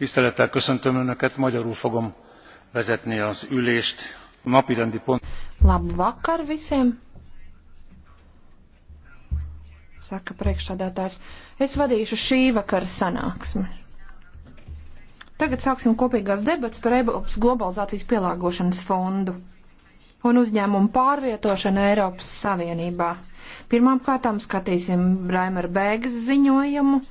tisztelettel köszöntöm önöket magyarul fogom vezetni az ülést a napirendi pont Labu vakar visiem! Saka priekšsādātājs. Es vadīšu šī vakara sanāksmi. Tagad sāksim kopīgās debats par Eiropas globalizācijas pielāgošanas fondu un uzņēmumu pārvietošanu Eiropas Savienībā. Pirmām kārtām skatīsim Braimera Bēgas ziņojumu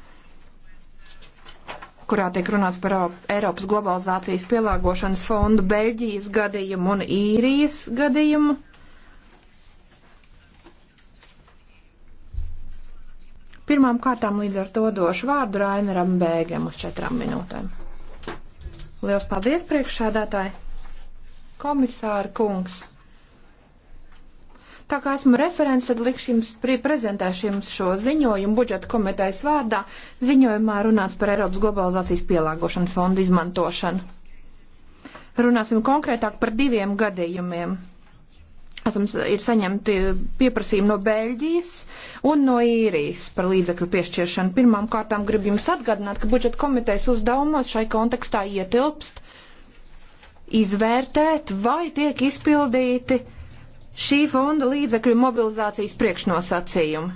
kurā tiek runāts par Eiropas globalizācijas pielāgošanas fondu Beļģijas gadījumu un īrijas gadījumu. Pirmām kārtām līdz ar to došu vārdu Raineram Bēgam uz četrām minūtēm. Liels paldies priekšsēdētāji! Komisāra kungs! Tā kā esmu referents, tad likšu jums prezentēšu jums šo ziņojumu budžeta komitejas vārdā. Ziņojumā runāts par Eiropas globalizācijas pielāgošanas fondu izmantošanu. Runāsim konkrētāk par diviem gadījumiem. Esam, ir saņemti pieprasījumi no Beļģijas un no īrijas par līdzekļu piešķiršanu. Pirmām kārtām gribu jums atgādināt, ka budžeta komitejas uzdevumos šai kontekstā ietilpst izvērtēt, vai tiek izpildīti uh, šī fonda līdzekļu mobilizācijas priekšnosacījumi.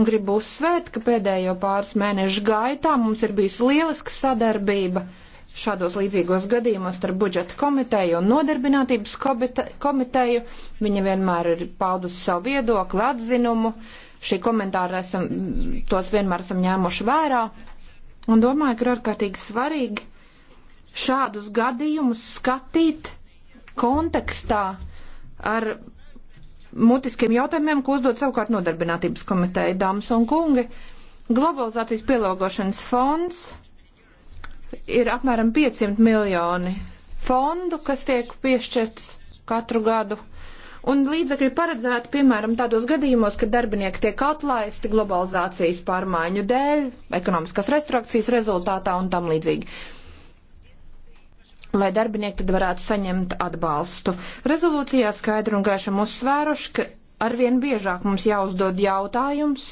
Un gribu uzsvērt, ka pēdējo pāris mēnešu gaitā mums ir bijusi lieliska sadarbība šādos līdzīgos gadījumos ar budžeta komiteju un nodarbinātības komiteju. Viņa vienmēr ir paudusi savu viedokli, atzinumu. Šī komentāra esam, tos vienmēr esam ņēmuši vērā. Un domāju, ka ir ārkārtīgi svarīgi šādus gadījumus skatīt kontekstā, ar mutiskiem jautājumiem, ko uzdod savukārt nodarbinātības komiteja dāmas un kungi. Globalizācijas pielāgošanas fonds ir apmēram 500 miljoni fondu, kas tiek piešķirts katru gadu. Un līdzekļi paredzēti, piemēram, tādos gadījumos, kad darbinieki tiek atlaisti globalizācijas pārmaiņu dēļ, ekonomiskas restrukcijas rezultātā un tam līdzīgi lai darbinieki tad varētu saņemt atbalstu. Rezolūcijā skaidri un gaišam uzsvēruši, ka arvien biežāk mums jāuzdod jautājums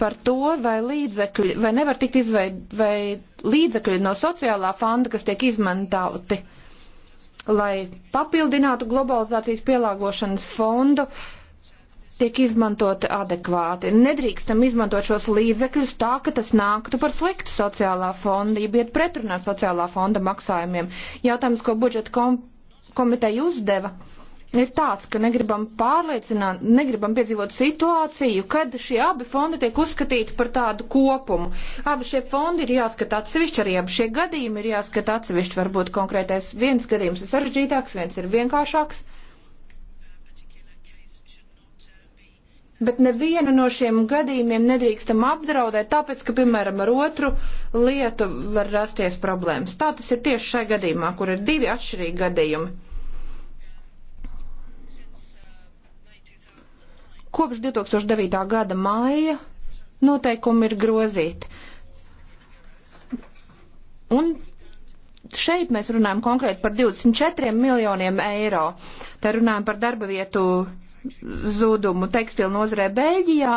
par to, vai līdzekļi, vai nevar tikt izveid, vai līdzekļi no sociālā fonda, kas tiek izmantauti, lai papildinātu globalizācijas pielāgošanas fondu, uh, tiek izmantoti adekvāti. Nedrīkstam izmantot šos līdzekļus tā, ka tas nāktu par sliktu sociālā fonda, ja iet pretrunā sociālā fonda maksājumiem. Jautājums, ko budžeta kom komiteja uzdeva, ir tāds, ka negribam pārliecināt, negribam piedzīvot situāciju, kad šie abi fondi tiek uzskatīti par tādu kopumu. Abi šie fondi ir jāskata atsevišķi, arī abi šie gadījumi ir jāskata atsevišķi. Varbūt konkrētais viens gadījums ir sarežģītāks, viens ir vienkāršāks. Bet nevienu no šiem gadījumiem nedrīkstam apdraudēt, tāpēc, ka, piemēram, ar otru lietu var rasties problēmas. Tā tas ir tieši šai gadījumā, kur ir divi atšķirīgi gadījumi. Kopš 2009. gada māja noteikumi ir grozīti. Un šeit mēs runājam konkrēti par 24 miljoniem eiro. Te runājam par darba vietu zudumu tekstilu nozarē Beļģijā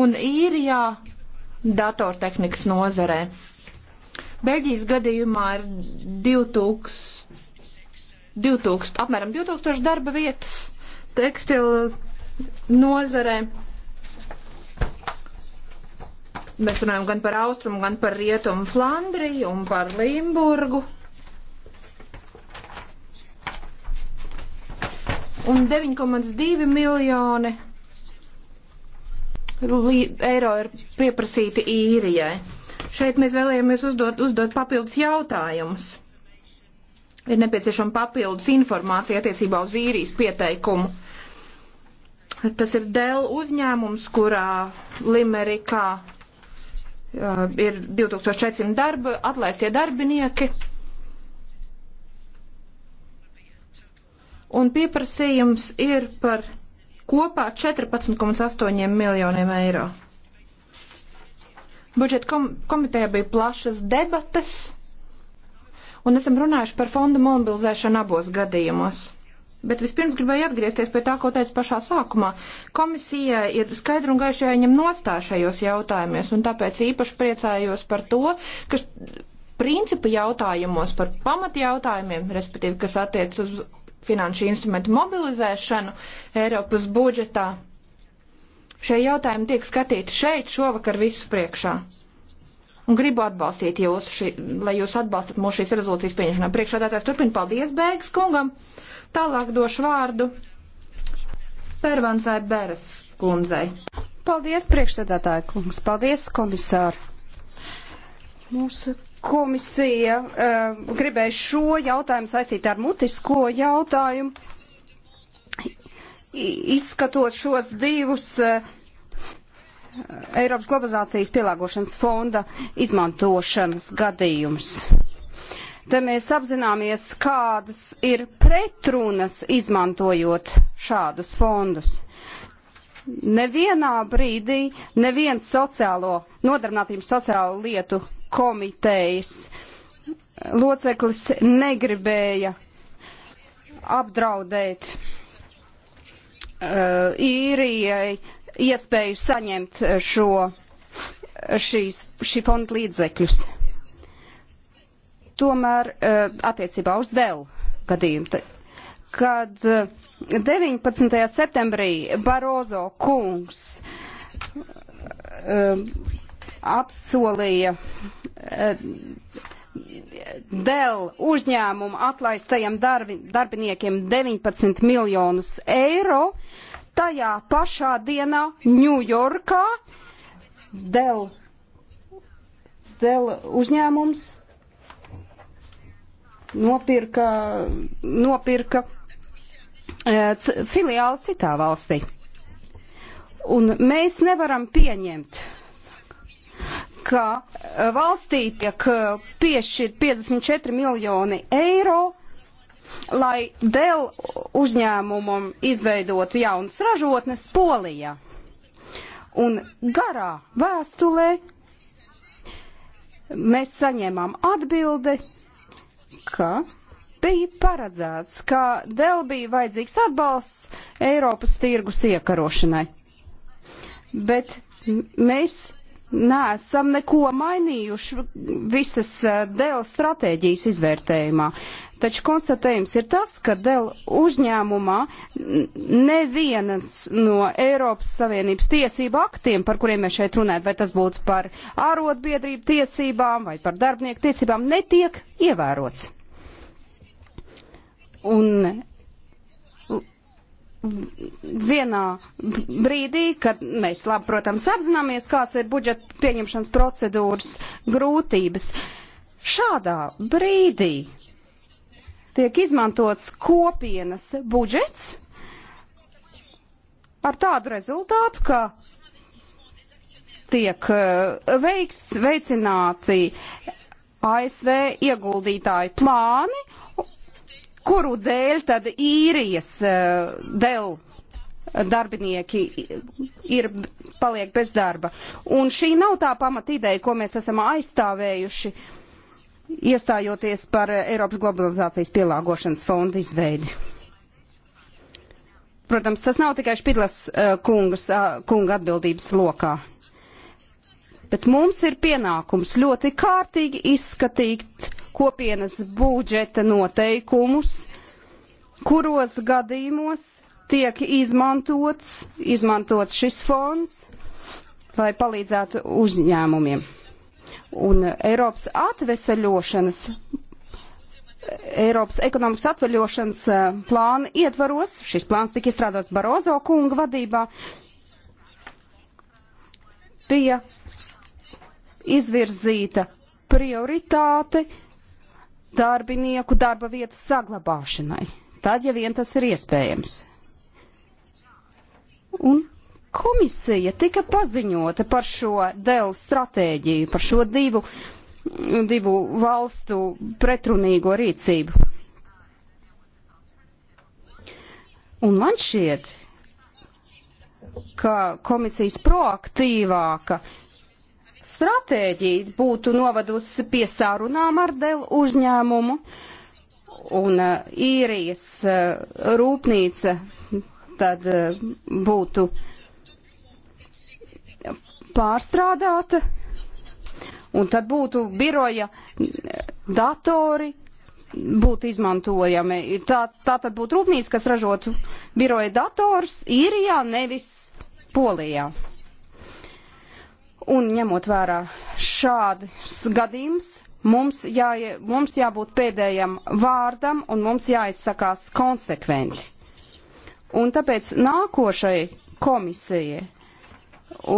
un īrijā datortehnikas nozarē. Beļģijas gadījumā ir 2000, 2000, apmēram 2000 darba vietas tekstilu nozarē mēs runājam gan par austrumu, gan par rietumu Flandriju un par Limburgu. un 9,2 miljoni eiro ir pieprasīti īrijai. Šeit mēs vēlējāmies uzdot, uzdot papildus jautājumus. Ir nepieciešama papildus informācija attiecībā uz īrijas pieteikumu. Tas ir Dell uzņēmums, kurā Limerikā uh, ir 2400 darba, atlaistie darbinieki. un pieprasījums ir par kopā 14,8 miljoniem eiro. Budžeta kom komitejā bija plašas debates, un esam runājuši par fondu mobilizēšanu abos gadījumos. Bet vispirms gribēju atgriezties pie tā, ko teicu pašā sākumā. Komisija ir skaidri un gaiši jāņem nostā šajos jautājumos, un tāpēc īpaši priecājos par to, ka principa jautājumos par pamat jautājumiem, respektīvi, kas attiec uz finanšu instrumentu mobilizēšanu Eiropas budžetā. Šie jautājumi tiek skatīti šeit šovakar visu priekšā. Un gribu atbalstīt jūs, šī, lai jūs atbalstat mūsu šīs rezolūcijas pieņemšanā. Priekšādātājs turpina paldies Bēgas kungam. Tālāk došu vārdu Pervansai Beres kundzei. Paldies priekšsēdētāju kungs, paldies komisāru. Mūsu Komisija uh, gribēja šo jautājumu saistīt ar mutisko jautājumu, izskatot šos divus uh, Eiropas globalizācijas pielāgošanas fonda izmantošanas gadījumus te mēs apzināmies, kādas ir pretrunas izmantojot šādus fondus. Nevienā brīdī neviens sociālo nodarbinātības sociālo lietu komitejas loceklis negribēja apdraudēt uh, īrijai iespēju saņemt šo, šīs, šī fonda līdzekļus. Tomēr uh, attiecībā uz Delu gadījumu, kad uh, 19. septembrī Barozo kungs uh, apsolīja eh, Dell uzņēmumu atlaistajiem darbi, darbiniekiem 19 miljonus eiro. Tajā pašā dienā Ņujorkā Dell, Dell uzņēmums nopirka, nopirka eh, filiāli citā valstī. Un mēs nevaram pieņemt ka eh, valstī tiek eh, piešķirt 54 miljoni eiro, lai Dell uzņēmumam izveidotu jaunas ražotnes Polijā. Un garā vēstulē mēs saņēmām atbildi, ka bija paredzēts, ka Dell bija vajadzīgs atbalsts Eiropas tirgus iekarošanai. Bet mēs neesam neko mainījuši visas eh, DEL stratēģijas izvērtējumā. Taču konstatējums ir tas, ka DEL uzņēmumā neviens no Eiropas Savienības tiesību aktiem, par kuriem mēs šeit runājam, vai tas būtu par ārotbiedrību tiesībām vai par darbinieku tiesībām, netiek ievērots. Un vienā brīdī, kad mēs labi, protams, apzināmies, kāds ir budžeta pieņemšanas procedūras grūtības. Šādā brīdī tiek izmantots kopienas budžets ar tādu rezultātu, ka tiek eh, veikts, veicināti ASV ieguldītāju plāni kuru dēļ tad īrijas uh, eh, dēļ darbinieki ir paliek bez darba. Un šī nav tā pamata ideja, ko mēs esam aizstāvējuši, iestājoties par Eiropas globalizācijas pielāgošanas fondu izveidi. Protams, tas nav tikai Špidlas uh, kungas, uh, kunga atbildības lokā. Bet mums ir pienākums ļoti kārtīgi izskatīt kopienas budžeta noteikumus, kuros gadījumos tiek izmantots, izmantots šis fonds, lai palīdzētu uzņēmumiem. Un Eiropas atveseļošanas Eiropas ekonomikas atveļošanas eh, plāna ietvaros. Šis plāns tika izstrādāts Barozo kunga vadībā. Bija izvirzīta prioritāte darbinieku darba vietas saglabāšanai, tad, ja vien tas ir iespējams. Un komisija tika paziņota par šo DEL stratēģiju, par šo divu, divu valstu pretrunīgo rīcību. Un man šķiet, ka komisijas proaktīvāka uh, stratēģija būtu novadusi pie sarunām ar Dell uzņēmumu, un uh, īrijas uh, rūpnīca tad uh, būtu pārstrādāta, un tad būtu biroja datori, būtu izmantojami. Tā, tā tad būtu rūpnīca, kas ražotu biroja dators īrijā, nevis Polijā. Un ņemot vērā šādus gadījumus, mums, jā, mums jābūt pēdējam vārdam un mums jāizsakās konsekventi. Un tāpēc nākošai komisijai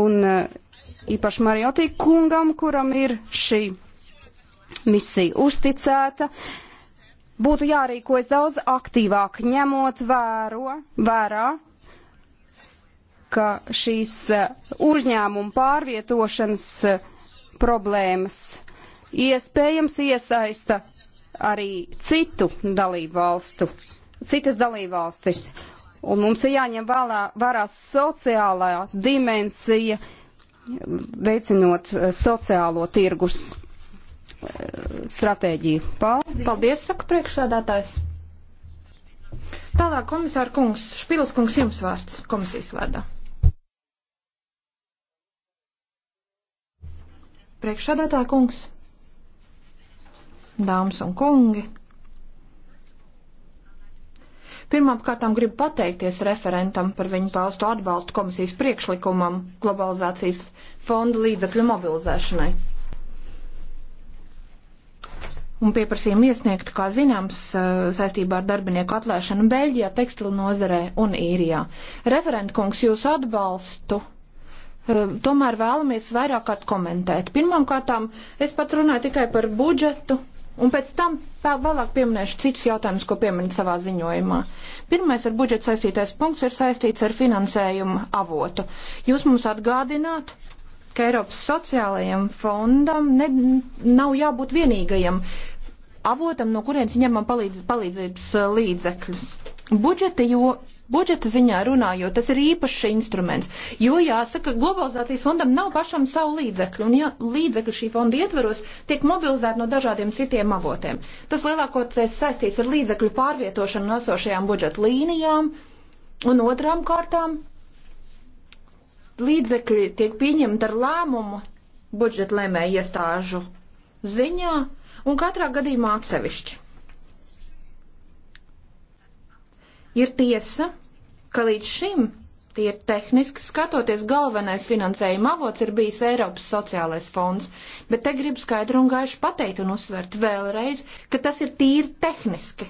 un eh, īpaši Mariotī kungam, kuram ir šī misija uzticēta, būtu jārīkojas daudz aktīvāk, ņemot vēro, vērā ka šīs eh, uzņēmuma pārvietošanas eh, problēmas iespējams iesaista arī citu dalību valstu, citas dalību valstis. Un mums ir jāņem vērā, vērā sociālā dimensija, veicinot eh, sociālo tirgus stratēģiju. Paldies, Paldies saka priekšsādātājs. Tālāk komisāra kungs, Špilas kungs jums vārds komisijas vārdā. Priekšsādātā kungs, dāmas un kungi. Pirmkārtām gribu pateikties referentam par viņu paustu atbalstu komisijas priekšlikumam globalizācijas fonda līdzakļu mobilizēšanai un pieprasījumu iesniegtu, kā zināms, saistībā ar darbinieku atlēšanu Beļģijā, tekstilu nozarē un īrijā. Referentkungs jūs atbalstu. Tomēr vēlamies vairāk kārt komentēt. Pirmkārtām, es pat runāju tikai par budžetu, un pēc tam vēlāk pieminēšu citus jautājumus, ko pieminat savā ziņojumā. Pirmais ar budžetu saistītais punkts ir saistīts ar finansējumu avotu. Jūs mums atgādināt, ka Eiropas sociālajam fondam ne, nav jābūt vienīgajam avotam, no kurienes ņemam palīdz, palīdzības eh, līdzekļus. Budžeta, jo, budžeta ziņā runājot, tas ir īpašs instruments, jo jāsaka, globalizācijas fondam nav pašam savu līdzekļu, un ja līdzekļu šī fonda ietveros tiek mobilizēti no dažādiem citiem avotiem. Tas lielākoties saistīts ar līdzekļu pārvietošanu no esošajām budžeta līnijām, un otrām kārtām līdzekļi tiek pieņemti ar lēmumu budžeta lēmēju iestāžu ziņā un katrā gadījumā atsevišķi. Ir tiesa, ka līdz šim tie ir tehniski skatoties galvenais finansējuma avots ir bijis Eiropas sociālais fonds, bet te gribu skaidru un gaišu pateikt un uzsvert vēlreiz, ka tas ir tīri tehniski.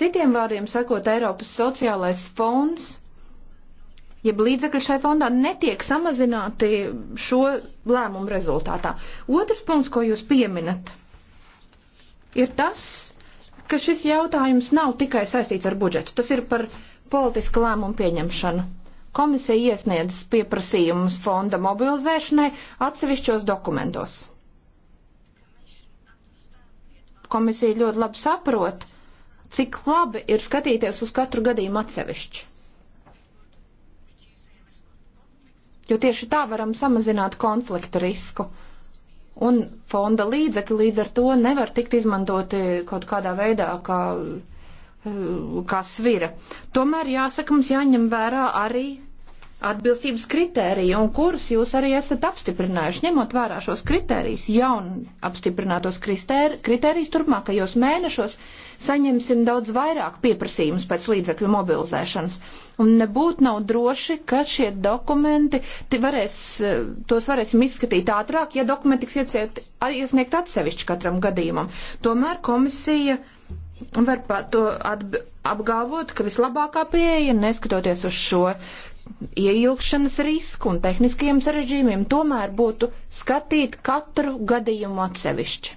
Citiem vārdiem sakot, Eiropas sociālais fonds jeb līdzekļi šai fondā netiek samazināti šo lēmumu rezultātā. Otrs punkts, ko jūs pieminat, ir tas, ka šis jautājums nav tikai saistīts ar budžetu. Tas ir par politisku lēmumu pieņemšanu. Komisija iesniedz pieprasījumus fonda mobilizēšanai atsevišķos dokumentos. Komisija ļoti labi saprot, cik labi ir skatīties uz katru gadījumu atsevišķi. jo tieši tā varam samazināt konflikta risku. Un fonda līdzekļi līdz ar to nevar tikt izmantoti kaut kādā veidā, kā, eh, kā svira. Tomēr jāsaka, mums jāņem vērā arī atbilstības kritēriju un kurus jūs arī esat apstiprinājuši, ņemot vērā šos kritērijus, jauni apstiprinātos kritērijus turpmākajos mēnešos, saņemsim daudz vairāk pieprasījumus pēc līdzekļu mobilizēšanas. Un nebūtu nav droši, ka šie dokumenti varēs, tos varēsim izskatīt ātrāk, ja dokumenti tiks ieciet, iesniegt atsevišķi katram gadījumam. Tomēr komisija var to apgalvot, ka vislabākā pieeja, neskatoties uz šo uh, ieilgšanas risku un tehniskiem sarežģījumiem, tomēr būtu skatīt katru gadījumu atsevišķi.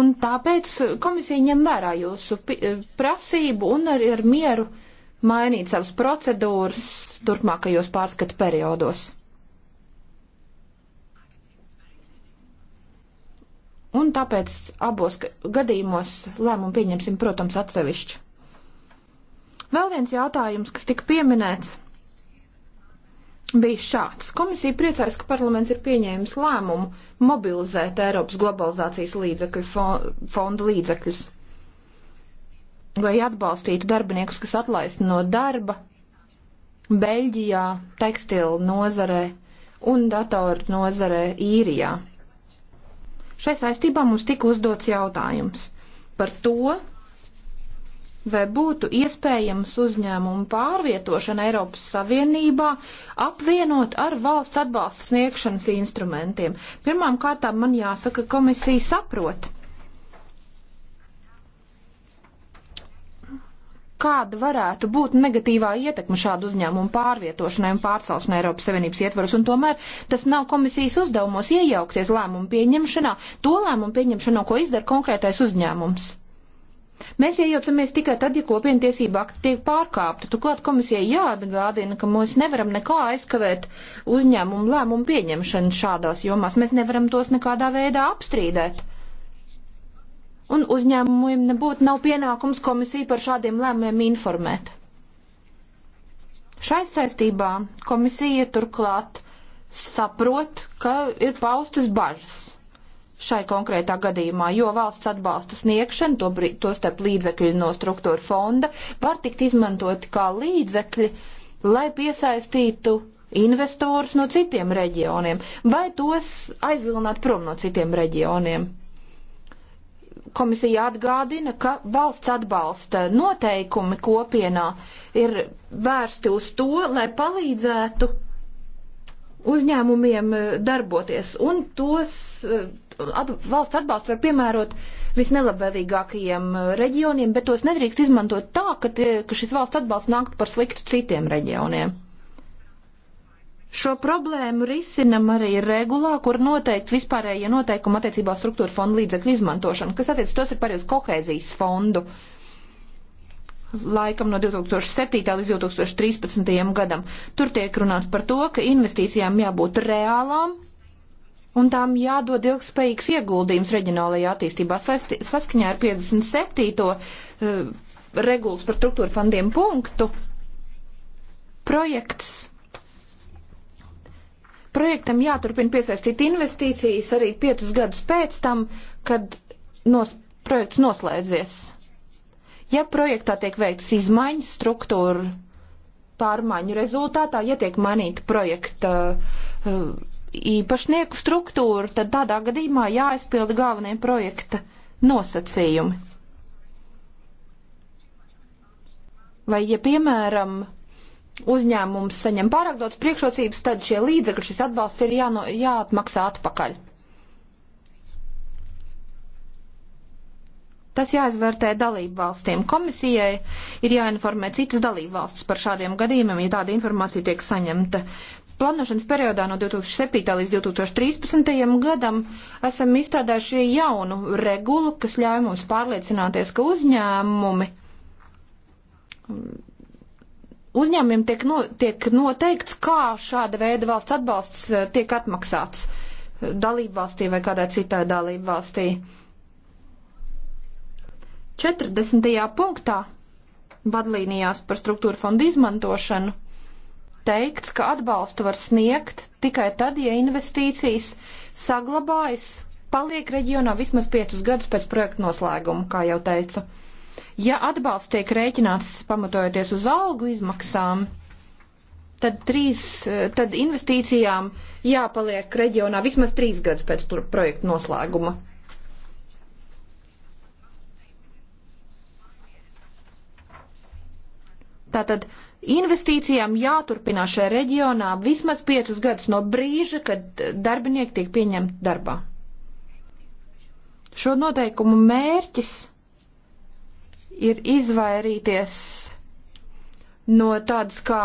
Un tāpēc komisija ņem vērā jūsu prasību un arī ar mieru mainīt savas procedūras turpmākajos pārskatu periodos. Un tāpēc abos gadījumos lēmumu pieņemsim, protams, atsevišķi. Vēl viens jautājums, kas tika pieminēts, bija šāds. Komisija priecājas, ka parlaments ir pieņēmis lēmumu mobilizēt Eiropas globalizācijas līdzekļu fondu līdzekļus, lai atbalstītu darbiniekus, kas atlaist no darba Beļģijā, tekstilu nozarē un datoru nozarē īrijā. Šai saistībā mums tika uzdots jautājums par to, vai būtu iespējams uzņēmumu pārvietošana Eiropas Savienībā apvienot ar valsts atbalsta sniegšanas instrumentiem. Pirmām kārtām man jāsaka, komisija saprot, kāda varētu būt negatīvā ietekme šādu uzņēmumu pārvietošanai un pārcelšanai Eiropas Savienības ietvaros, un tomēr tas nav komisijas uzdevumos iejaukties lēmumu pieņemšanā, to lēmumu pieņemšanā, ko izdara konkrētais uzņēmums. Mēs iejaucamies tikai tad, ja kopientiesība akti tiek pārkāpta. Turklāt komisijai jāatgādina, ka mēs nevaram nekā aizkavēt uzņēmumu lēmumu pieņemšanu šādās jomās. Mēs nevaram tos nekādā veidā apstrīdēt. Un uzņēmumiem nebūtu nav pienākums komisiju par šādiem lēmumiem informēt. Šai saistībā komisija turklāt saprot, ka ir paustas bažas šai konkrētā gadījumā, jo valsts atbalsta sniegšana, to, to starp līdzekļi no struktūra fonda, var tikt izmantoti kā līdzekļi, lai piesaistītu investorus no citiem reģioniem vai tos aizvilināt prom no citiem reģioniem. Komisija atgādina, ka valsts atbalsta noteikumi kopienā ir vērsti uz to, lai palīdzētu uzņēmumiem eh, darboties un tos eh, at, valsts atbalsts var piemērot visnelabvēlīgākajiem uh, reģioniem, bet tos nedrīkst izmantot tā, ka, tie, ka šis valsts atbalsts nāktu par sliktu citiem reģioniem. Šo problēmu risinam arī regulā, kur noteikti vispārējie ja noteikumi attiecībā struktūra fondu līdzekļu izmantošanu, kas attiec tos ir par jūs kohēzijas fondu laikam no 2007. līdz 2013. gadam. Tur tiek runāts par to, ka investīcijām jābūt reālām un tām jādod ilgspējīgs ieguldījums reģionālajā attīstībā Sasti, saskaņā ar 57. Uh, eh, regulas par struktūra fondiem punktu. Projekts. Projektam jāturpina piesaistīt investīcijas arī piecus gadus pēc tam, kad nos, projekts noslēdzies. Ja projektā tiek veikts izmaiņas struktūra pārmaiņu rezultātā, ja tiek mainīta projekta uh, īpašnieku struktūru, tad tādā gadījumā jāizpilda galvenie projekta nosacījumi. Vai, ja piemēram uzņēmums saņem pārāk daudz priekšrocības, tad šie līdzekļi, šis atbalsts ir jāno, jāatmaksā atpakaļ. Tas jāizvērtē dalību valstīm. Komisijai ir jāinformē citas dalību valstis par šādiem gadījumiem, ja tāda informācija tiek saņemta plānošanas periodā no 2007. līdz 2013. gadam esam izstrādājuši jaunu regulu, kas ļauj mums pārliecināties, ka uzņēmumi uzņēmumiem tiek, no, tiek noteikts, kā šāda veida valsts atbalsts eh, tiek atmaksāts dalību valstī vai kādā citā dalību valstī. 40. punktā vadlīnijās par struktūra fondu izmantošanu teikts, ka atbalstu var sniegt tikai tad, ja investīcijas saglabājas, paliek reģionā vismaz piecus gadus pēc projekta noslēguma, kā jau teicu. Ja atbalsts tiek rēķināts pamatojoties uz algu izmaksām, tad, trīs, tad investīcijām jāpaliek reģionā vismaz trīs gadus pēc projekta noslēguma. Tātad Investīcijām jāturpinā šajā reģionā vismaz piecus gadus no brīža, kad darbinieki tiek pieņemti darbā. Šo noteikumu mērķis ir izvairīties no tādas kā,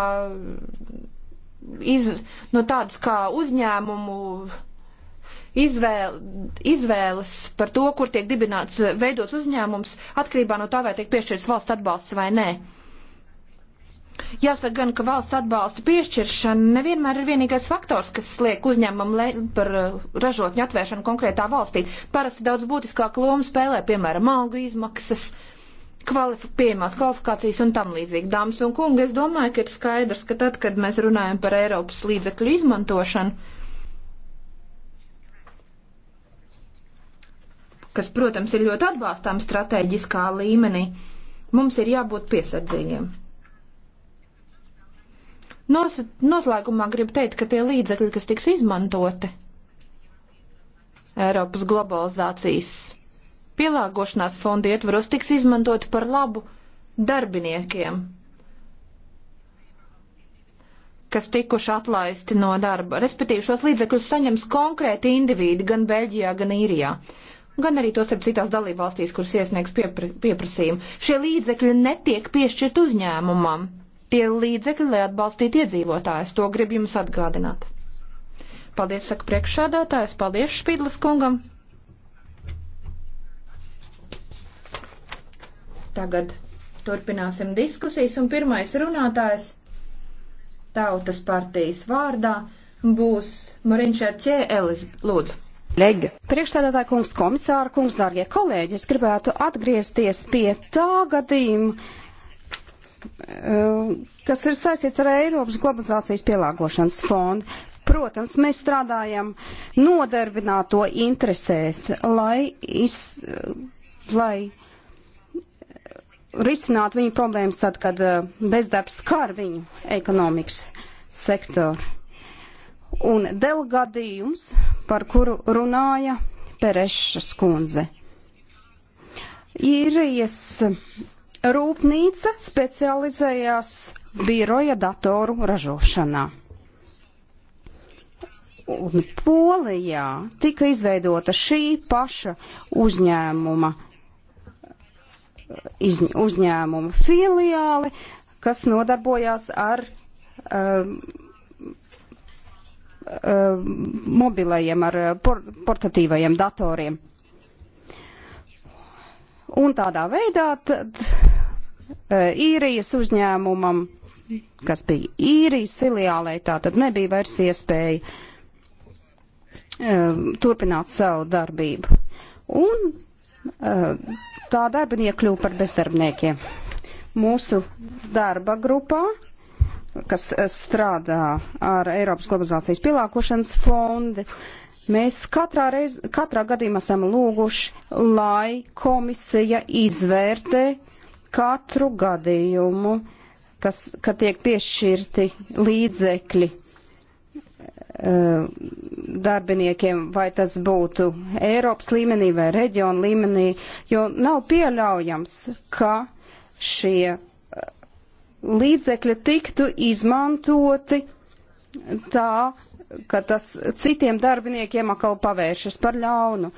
iz, no tādas kā uzņēmumu izvēle, izvēles par to, kur tiek dibināts veidots uzņēmums, atkarībā no tā, vai tiek piešķirts valsts atbalsts vai nē. Jāsaka gan, ka valsts atbalsta piešķiršana nevienmēr ir vienīgais faktors, kas liek uzņēmumam par uh, ražotņu atvēršanu konkrētā valstī. Parasti daudz būtiskāk lomu spēlē, piemēram, algu izmaksas, kvalif pieejamās kvalifikācijas un tam līdzīgi. Dāmas un kungi, es domāju, ka ir skaidrs, ka tad, kad mēs runājam par Eiropas līdzekļu izmantošanu, kas, protams, ir ļoti atbalstām strateģiskā līmenī, mums ir jābūt piesardzīgiem. Nos, noslēgumā gribu teikt, ka tie līdzekļi, kas tiks izmantoti Eiropas globalizācijas pielāgošanās fonda ietvaros, tiks izmantoti par labu darbiniekiem, kas tikuši atlaisti no darba. Respektīvi, šos līdzekļus saņems konkrēti indivīdi gan Beļģijā, gan Īrijā gan arī to starp citās dalībvalstīs, kuras iesniegs piepr pieprasījumu. Šie līdzekļi netiek piešķirt uzņēmumam tie līdzekļi, lai atbalstītu iedzīvotājus. To grib jums atgādināt. Paldies, saka priekšsādātājs, paldies Špīdlis kungam. Tagad turpināsim diskusijas, un pirmais runātājs tautas partijas vārdā būs Marinčērķē Elis. Lūdzu. Lega. Priekšstādātāja kungs, komisāra kungs, dārgie kolēģi, es gribētu atgriezties pie tā gadījuma, Eh, kas ir saistīts ar Eiropas globalizācijas pielāgošanas fondu. Protams, mēs strādājam nodarbināto interesēs, lai, iz, lai risinātu viņu problēmas tad, kad eh, bezdarbs skar viņu ekonomikas sektoru. Un del gadījums, par kuru runāja Perešas kundze. Īrijas Rūpnīca specializējās biroja datoru ražošanā. Un Polijā tika izveidota šī paša uzņēmuma, iz, uzņēmuma filiāli, kas nodarbojās ar um, um, mobilajiem, ar por, portatīvajiem datoriem. Un tādā veidā tad e, īrijas uzņēmumam, kas bija īrijas filiālē, tā tad nebija vairs iespēja uh, turpināt savu darbību. Un uh, tā darbinieki kļuva par bezdarbniekiem. Mūsu darba grupā, kas strādā ar Eiropas globalizācijas pielāgošanas fondu, Mēs katrā, reiz, katrā gadījumā esam lūguši, lai komisija izvērtē katru gadījumu, kas, kad tiek piešķirti līdzekļi eh, darbiniekiem, vai tas būtu Eiropas līmenī vai reģionu līmenī, jo nav pieļaujams, ka šie eh, līdzekļi tiktu izmantoti tā, ka tas citiem darbiniekiem atkal pavēršas par ļaunu.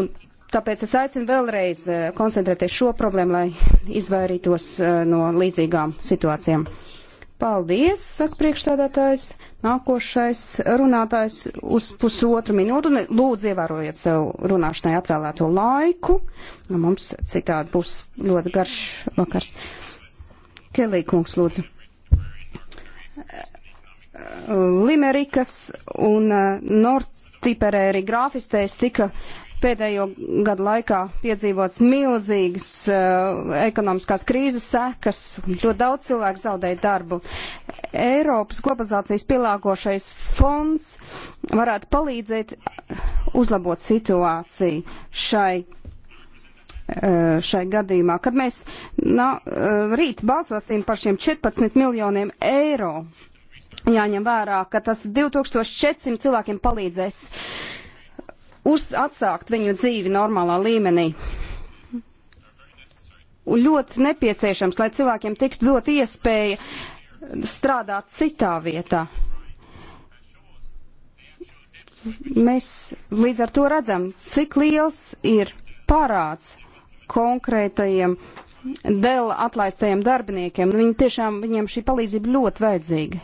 Un tāpēc es aicinu vēlreiz eh, koncentrēties šo problēmu, lai izvairītos eh, no līdzīgām situācijām. Paldies, saka priekšsēdētājs. Nākošais runātājs uz pusotru minūtu. Lūdzu, ievērojiet sev runāšanai atvēlēto laiku. Nu, mums citādi būs ļoti garš vakars. Kelī kungs, lūdzu. Limerikas un eh, Nortiperēri grāfistēs tika pēdējo gadu laikā piedzīvots milzīgas uh, ekonomiskās krīzes sekas, ļoti daudz cilvēku zaudēja darbu. Eiropas globalizācijas pielāgošais fonds varētu palīdzēt uzlabot situāciju šai uh, šai gadījumā, kad mēs na, uh, rīt balsosim par šiem 14 miljoniem eiro jāņem vērā, ka tas 2400 cilvēkiem palīdzēs uz atsākt viņu dzīvi normālā līmenī. Un ļoti nepieciešams, lai cilvēkiem tiktu dot iespēja strādāt citā vietā. Mēs līdz ar to redzam, cik liels ir parāds konkrētajiem dēl atlaistajiem darbiniekiem. Viņi tiešām, viņiem šī palīdzība ļoti vajadzīga.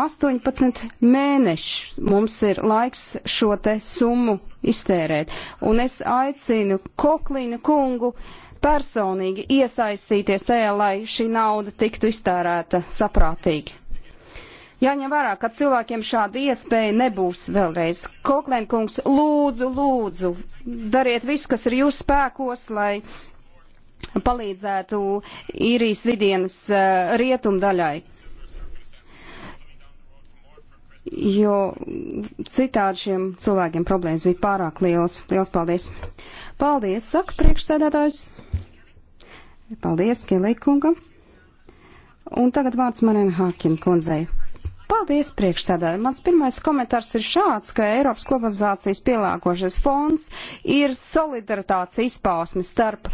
18 mēnešus mums ir laiks šo te summu iztērēt, un es aicinu Koklīnu kungu personīgi iesaistīties tajā, lai šī nauda tiktu iztērēta saprātīgi. Jāņem vērā, ka cilvēkiem šāda iespēja nebūs vēlreiz. Koklēnkungs, lūdzu, lūdzu, dariet visu, kas ir jūsu spēkos, lai palīdzētu īrijas vidienas uh, rietumdaļai jo citādi šiem cilvēkiem problēmas bija pārāk liels. Liels paldies! Paldies, saka priekšstādātājs! Paldies, Kielīkunga! Un tagad vārds Maren Hākin kundzei. Paldies, priekšsēdētāji. Mans pirmais komentārs ir šāds, ka Eiropas globalizācijas pielāgošais fonds ir solidaritātes izpausme starp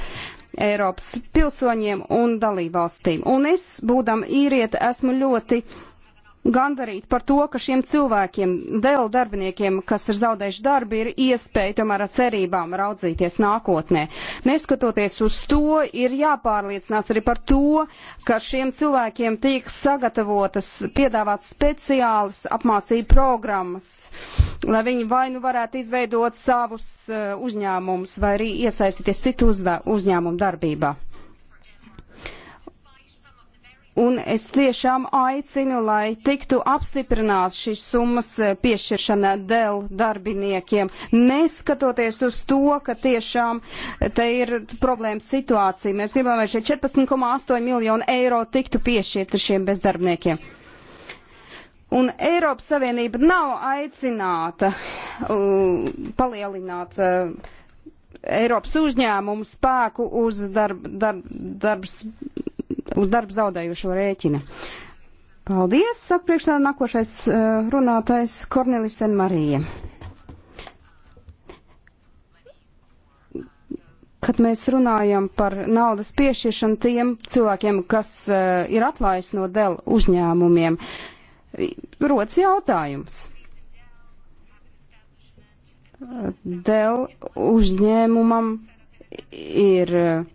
Eiropas pilsoņiem un dalībvalstīm. Un es, būdam īriet, esmu ļoti gandarīti par to, ka šiem cilvēkiem, dēļ darbiniekiem, kas ir zaudējuši darbu, ir iespēja tomēr ar cerībām raudzīties nākotnē. Neskatoties uz to, ir jāpārliecinās arī par to, ka šiem cilvēkiem tiek sagatavotas, piedāvāts speciālas apmācību programmas, lai viņi vai nu varētu izveidot savus eh, uzņēmumus, vai arī iesaistīties citu uzņēmumu darbībā. Un es tiešām aicinu, lai tiktu apstiprināts šīs summas eh, piešķiršana dēl darbiniekiem, neskatoties uz to, ka tiešām eh, te ir problēma situācija. Mēs gribam, lai šie 14,8 miljoni eiro tiktu piešķirti šiem bezdarbniekiem. Un Eiropas Savienība nav aicināta uh, palielināt uh, Eiropas uzņēmumu spēku uz darb, darb, darbs uz darbu zaudējušo rēķina. Paldies, saka priekšstādā nākošais eh, runātais Kornelis Sen Marija. kad mēs runājam par naudas piešķiršanu tiem cilvēkiem, kas uh, ir atlaists no DEL uzņēmumiem, rodas jautājums. DEL uzņēmumam ir uh,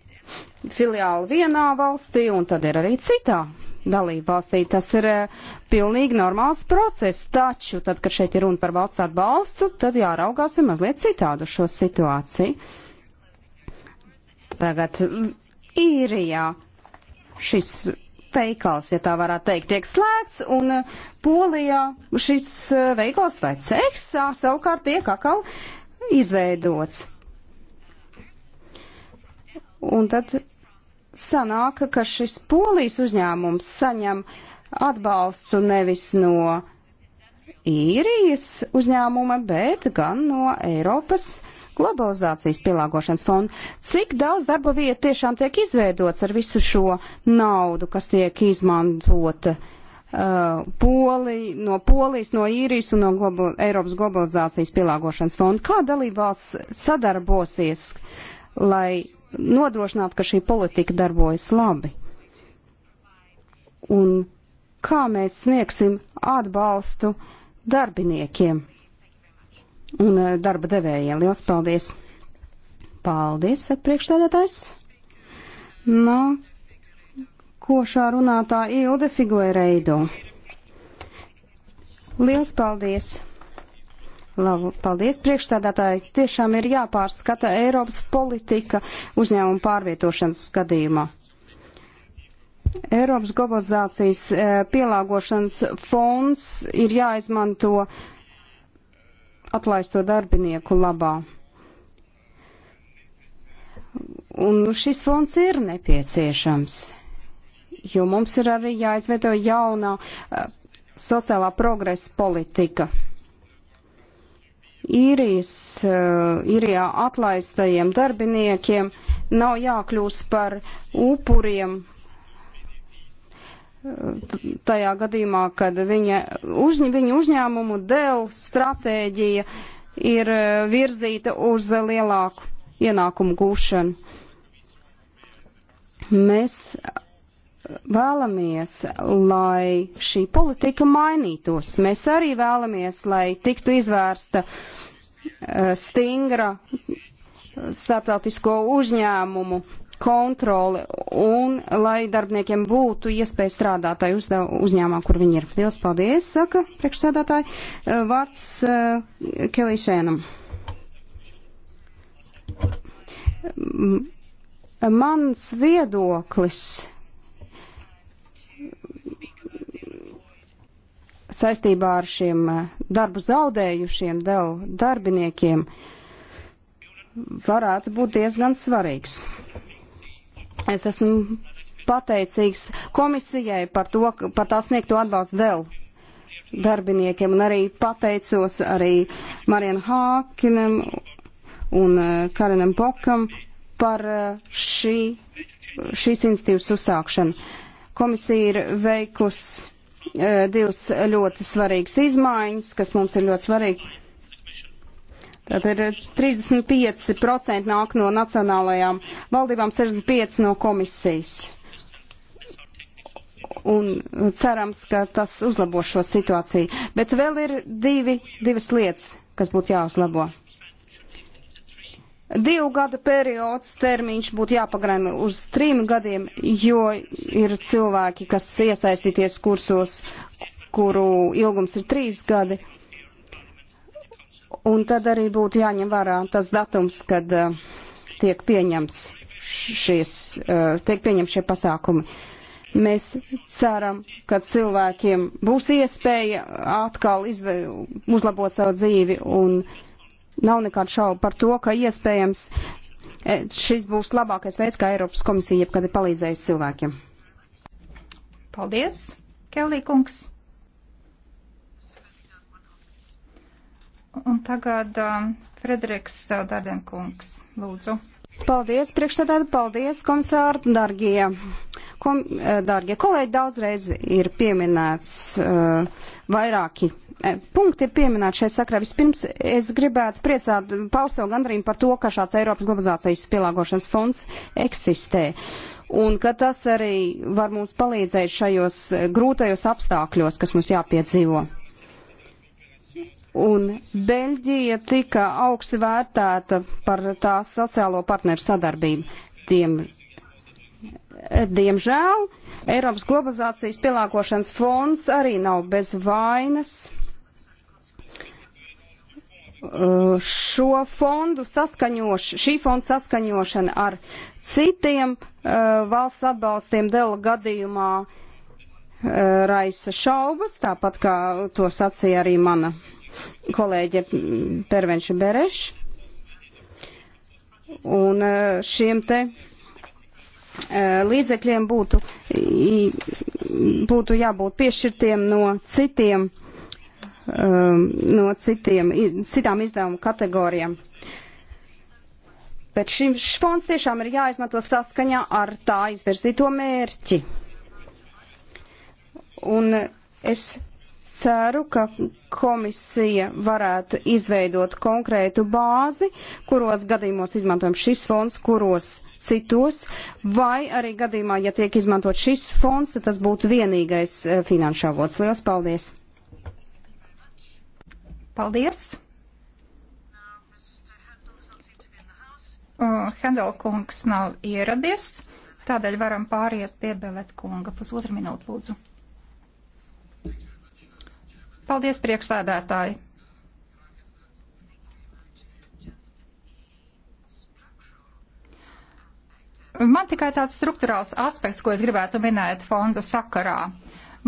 filiāli vienā valstī un tad ir arī citā dalība valstī. Tas ir eh, pilnīgi normāls process, taču tad, kad šeit ir runa par valsts atbalstu, tad jāraugās ir mazliet citādu šo situāciju. Tagad mm, īrijā šis veikals, ja tā varētu teikt, tiek slēgts, un eh, Polijā šis eh, veikals vai cehs savukārt tiek atkal izveidots. Un tad sanāk, ka šis polijas uzņēmums saņem atbalstu nevis no īrijas uzņēmuma, bet gan no Eiropas globalizācijas pielāgošanas fonda. Cik daudz darba vietu tiešām tiek izveidots ar visu šo naudu, kas tiek izmantota uh, Poli, no Polijas, no Īrijas un no global, Eiropas globalizācijas pielāgošanas fonda? Kā dalībvalsts sadarbosies, lai nodrošināt, ka šī politika darbojas labi. Un kā mēs sniegsim atbalstu darbiniekiem un e, darba devējiem. Lielas paldies! Paldies, priekšstādātājs! Nu, ko šā runātā Ilde Figueireido? Lielas paldies! Labu, paldies, priekšstādātāji. Tiešām ir jāpārskata Eiropas politika uzņēmuma pārvietošanas gadījumā. Eiropas globalizācijas eh, pielāgošanas fonds ir jāizmanto atlaisto darbinieku labā. Un šis fonds ir nepieciešams, jo mums ir arī jāizveido jaunā eh, sociālā progresa politika īrijas, īrijā eh, atlaistajiem darbiniekiem nav jākļūst par upuriem eh, tajā gadījumā, kad viņa, uz, viņa uzņēmumu dēļ stratēģija ir eh, virzīta uz lielāku ienākumu gūšanu. Mēs vēlamies, lai šī politika mainītos. Mēs arī vēlamies, lai tiktu izvērsta eh, stingra starptautisko uzņēmumu kontroli un lai darbniekiem būtu iespēja strādāt tai uzņēmumā, kur viņi ir. Lielas paldies, saka priekšsēdētāji. Eh, vārds eh, Kelīšēnam. Mans viedoklis saistībā ar šiem eh, darbu zaudējušiem del darbiniekiem varētu būt diezgan svarīgs. Es esmu pateicīgs komisijai par, to, par tā sniegto atbalstu del darbiniekiem un arī pateicos arī Marian Hākinam un eh, Karinam Pokam par eh, šī, šīs institīvas uzsākšanu. Komisija ir veikusi uh, divas ļoti svarīgas izmaiņas, kas mums ir ļoti svarīgi. Tātad 35% nāk no nacionālajām valdībām, 65% no komisijas. Un cerams, ka tas uzlabo šo situāciju. Bet vēl ir divi, divas lietas, kas būtu jāuzlabo divu gadu periods termiņš būtu jāpagarina uz trim gadiem, jo ir cilvēki, kas iesaistīties kursos, kuru ilgums ir trīs gadi. Un tad arī būtu jāņem vērā tas datums, kad uh, tiek pieņemts šis, uh, tiek pieņemts šie pasākumi. Mēs ceram, ka cilvēkiem būs iespēja atkal uzlabot savu dzīvi un uh, Nav nekādu šaubu par to, ka iespējams e, šis būs labākais veids, kā Eiropas komisija jebkad ir palīdzējusi cilvēkiem. Paldies, Kelī kungs. Un tagad um, Frederiks Dardenkungs, lūdzu. Paldies, priekšsēdētāji, paldies, komisāri, dargie, kom, eh, dargie kolēģi. Daudzreiz ir pieminēts uh, vairāki uh, punkti, ir pieminēti šai sakrā. Vispirms es gribētu priecāt pausev gandarījumu par to, ka šāds Eiropas globalizācijas pielāgošanas fonds eksistē. Un ka tas arī var mums palīdzēt šajos grūtajos apstākļos, kas mums jāpiedzīvo un Beļģija tika augsti vērtēta par tās sociālo partneru sadarbību. Tiem, diemžēl Eiropas globalizācijas pielāgošanas fonds arī nav bez vainas. Uh, šo fondu saskaņošana, šī fonda saskaņošana ar citiem uh, valsts atbalstiem dela gadījumā uh, raisa šaubas, tāpat kā to sacīja arī mana kolēģe Pervenša Bereš. Un e, šiem te e, līdzekļiem būtu, būtu jābūt piešķirtiem no citiem, e, no citiem, citām izdevumu kategorijām. Bet šis fonds tiešām ir jāizmanto saskaņā ar tā izvirzīto mērķi. Un es ceru, ka komisija varētu izveidot konkrētu bāzi, kuros gadījumos izmantojam šis fonds, kuros citos, vai arī gadījumā, ja tiek izmantot šis fonds, tad tas būtu vienīgais eh, finanšu avots. Lielas paldies! Paldies! Uh, Hendel kungs nav ieradies, tādēļ varam pāriet pie Belet kunga. Pusotru minūtu lūdzu. Paldies, priekšsēdētāji! Man tikai tāds struktūrāls aspekts, ko es gribētu minēt fondu sakarā.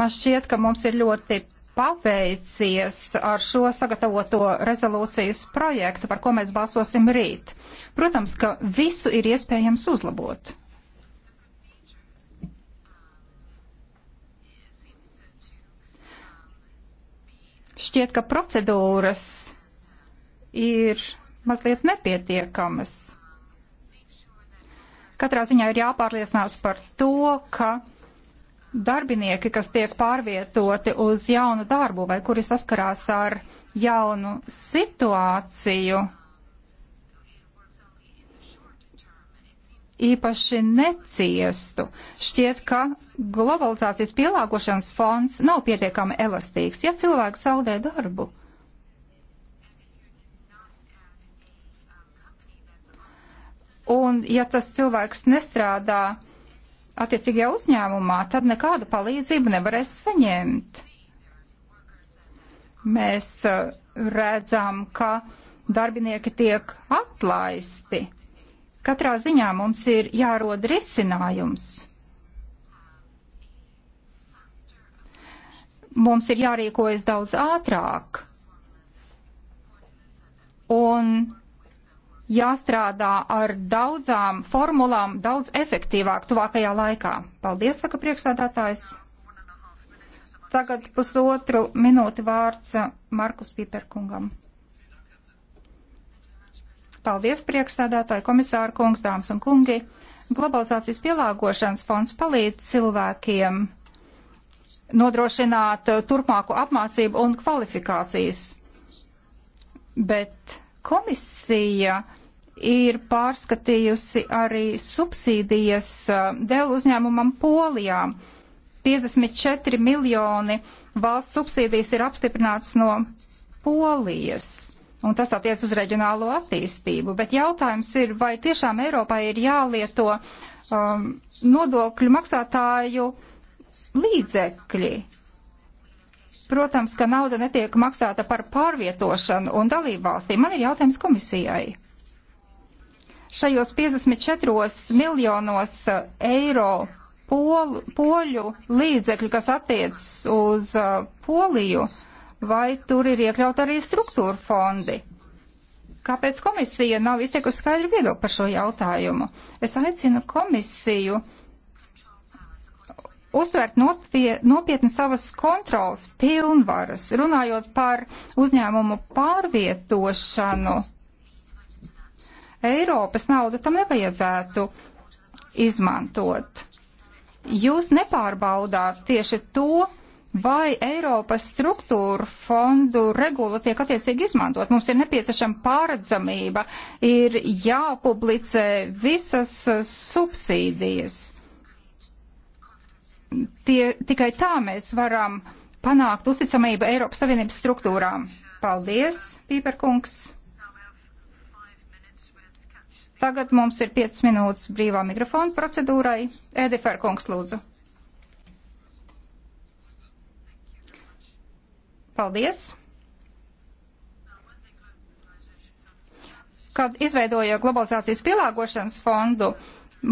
Man šķiet, ka mums ir ļoti paveicies ar šo sagatavoto rezolūcijas projektu, par ko mēs balsosim rīt. Protams, ka visu ir iespējams uzlabot. Šķiet, ka procedūras ir mazliet nepietiekamas. Katrā ziņā ir jāpārliecinās par to, ka darbinieki, kas tiek pārvietoti uz jaunu darbu vai kuri saskarās ar jaunu situāciju, īpaši neciestu. Šķiet, ka globalizācijas pielāgošanas fonds nav pietiekami elastīgs, ja cilvēks zaudē darbu. Un ja tas cilvēks nestrādā attiecīgajā uzņēmumā, tad nekādu palīdzību nevarēs saņemt. Mēs eh, redzam, ka darbinieki tiek atlaisti Katrā ziņā mums ir jārod risinājums. Mums ir jārīkojas daudz ātrāk un jāstrādā ar daudzām formulām daudz efektīvāk tuvākajā laikā. Paldies, saka priekšsādātājs. Tagad pusotru minūti vārds Markus Piperkungam. Paldies, priekšsēdētāji, komisāra kungs, dāmas un kungi. Globalizācijas pielāgošanas fonds palīdz cilvēkiem nodrošināt uh, turpmāku apmācību un kvalifikācijas. Bet komisija ir pārskatījusi arī subsīdijas uh, dēļ uzņēmumam Polijā. 54 miljoni valsts subsīdijas ir apstiprināts no Polijas un tas attiec uz reģionālo attīstību. Bet jautājums ir, vai tiešām Eiropai ir jālieto um, nodokļu maksātāju līdzekļi. Protams, ka nauda netiek maksāta par pārvietošanu un dalību valstīm. Man ir jautājums komisijai. Šajos 54 miljonos uh, eiro pol, poļu līdzekļu, kas attiec uz uh, Poliju, uh, vai tur ir iekļaut arī struktūra fondi? Kāpēc komisija nav izteikusi skaidru viedokli par šo jautājumu? Es aicinu komisiju uztvērt nopietni savas kontrolas pilnvaras, runājot par uzņēmumu pārvietošanu. Eiropas naudu tam nevajadzētu izmantot. Jūs nepārbaudāt tieši to, vai Eiropas struktūra fondu regula tiek attiecīgi izmantot. Mums ir nepieciešama pāredzamība, ir jāpublicē visas uh, subsīdijas. Tie, tikai tā mēs varam panākt uzticamību Eiropas Savienības struktūrām. Paldies, Pīperkungs! Tagad mums ir 5 minūtes brīvā mikrofona procedūrai. Edifērkungs, lūdzu. Paldies! Kad izveidoja globalizācijas pielāgošanas fondu,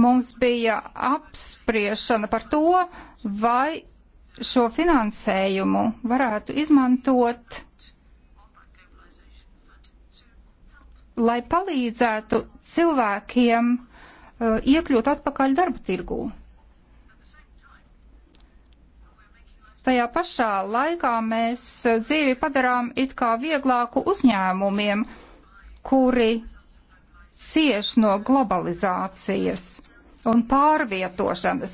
mums bija apspriešana par to, vai šo finansējumu varētu izmantot, lai palīdzētu cilvēkiem uh, iekļūt atpakaļ darba tirgū. Tajā pašā laikā mēs dzīvi padarām it kā vieglāku uzņēmumiem, kuri cieš no globalizācijas un pārvietošanas.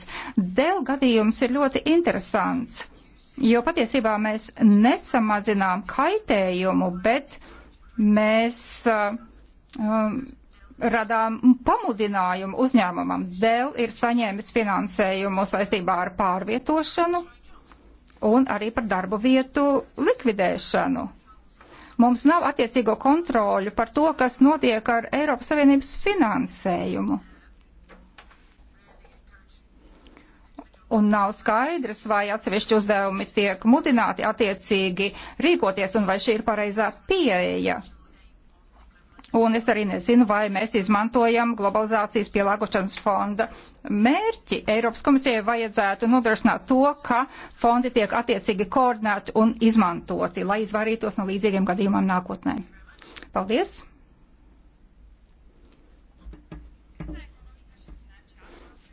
Dēl gadījums ir ļoti interesants, jo patiesībā mēs nesamazinām kaitējumu, bet mēs uh, um, radām pamudinājumu uzņēmumam. Dēl ir saņēmis finansējumu saistībā ar pārvietošanu un arī par darbu vietu likvidēšanu. Mums nav attiecīgo kontroļu par to, kas notiek ar Eiropas Savienības finansējumu. un nav skaidrs, vai atsevišķi uzdevumi tiek mudināti attiecīgi rīkoties un vai šī ir pareizā pieeja. Un es arī nezinu, vai mēs izmantojam globalizācijas pielāgošanas fonda mērķi. Eiropas komisijai vajadzētu nodrošināt to, ka fondi tiek attiecīgi koordinēti un izmantoti, lai izvairītos no līdzīgiem gadījumiem nākotnē. Paldies!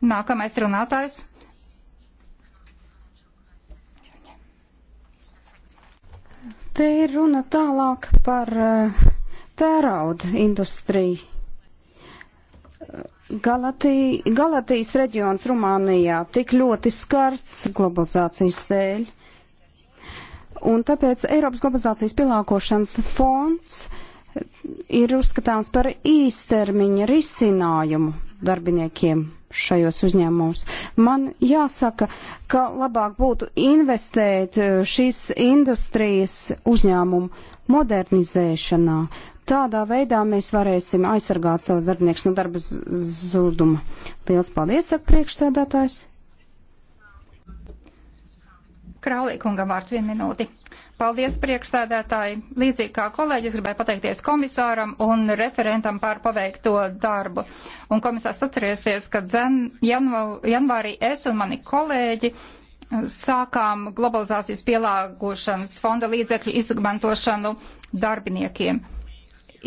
Nākamais runātājs. Te ir runa tālāk par uh, tērauda industrija. Galatī, Galatijas reģions Rumānijā tik ļoti skarts globalizācijas dēļ. Un tāpēc Eiropas globalizācijas pielāgošanas fonds ir uzskatāms par īstermiņa risinājumu darbiniekiem šajos uzņēmumos. Man jāsaka, ka labāk būtu investēt šīs industrijas uzņēmumu modernizēšanā, Tādā veidā mēs varēsim aizsargāt savus darbiniekus no darba zuduma. Lielas paldies, saka priekšsēdētājs. Kraulīkungam vārds vien minūti. Paldies, priekšsēdētāji. Līdzīgi kā kolēģis gribēju pateikties komisāram un referentam par paveikto darbu. Un komisārs atcerēsies, ka janvā, janvārī es un mani kolēģi sākām globalizācijas pielāgošanas fonda līdzekļu izmantošanu darbiniekiem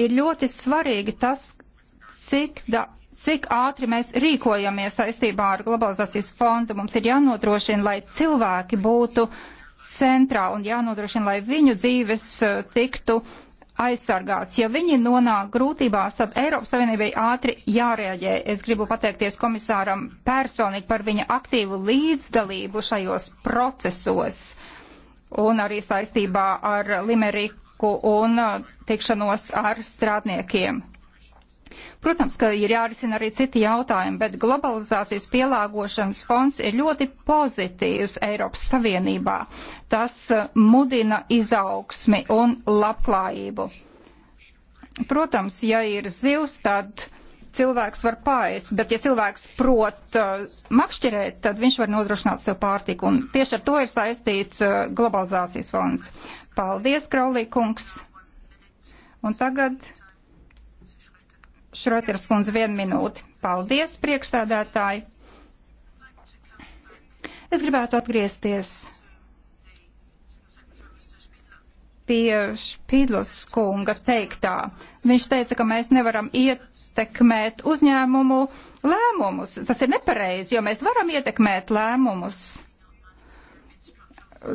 ir ļoti svarīgi tas, cik, da, cik ātri mēs rīkojamies saistībā ar globalizācijas fondu. Mums ir jānodrošina, lai cilvēki būtu centrā un jānodrošina, lai viņu dzīves eh, tiktu aizsargāts. Ja viņi nonāk grūtībās, tad Eiropas Savienībai ātri jārēģē. Es gribu pateikties komisāram personīgi par viņa aktīvu līdzdalību šajos procesos un arī saistībā ar Limeriku dialogu un uh, tikšanos ar strādniekiem. Protams, ka ir jārisina arī citi jautājumi, bet globalizācijas pielāgošanas fonds ir ļoti pozitīvs Eiropas Savienībā. Tas uh, mudina izaugsmi un labklājību. Protams, ja ir zivs, tad cilvēks var pāriest, bet ja cilvēks prot uh, makšķerēt, tad viņš var nodrošināt sev pārtiku. Un tieši ar to ir saistīts uh, globalizācijas fonds. Paldies, Kraulīkungs! Un tagad Šroters kundze vienu minūti. Paldies, priekšstādātāji! Es gribētu atgriezties pie Špīdlas kunga teiktā. Viņš teica, ka mēs nevaram ietekmēt uzņēmumu lēmumus. Tas ir nepareizi, jo mēs varam ietekmēt lēmumus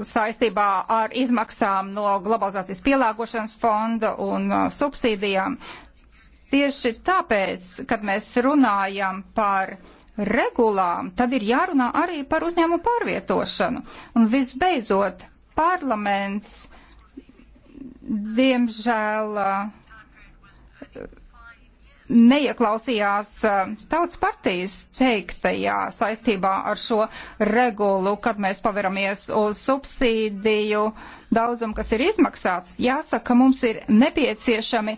saistībā ar izmaksām no globalizācijas pielāgošanas fonda un uh, subsīdijām. Tieši tāpēc, kad mēs runājam par regulām, tad ir jārunā arī par uzņēmumu pārvietošanu. Un visbeidzot, parlaments, diemžēl, uh, neieklausījās eh, tautas partijas teiktajā saistībā ar šo regulu, kad mēs paveramies uz subsīdiju daudzumu, kas ir izmaksāts. Jāsaka, mums ir nepieciešami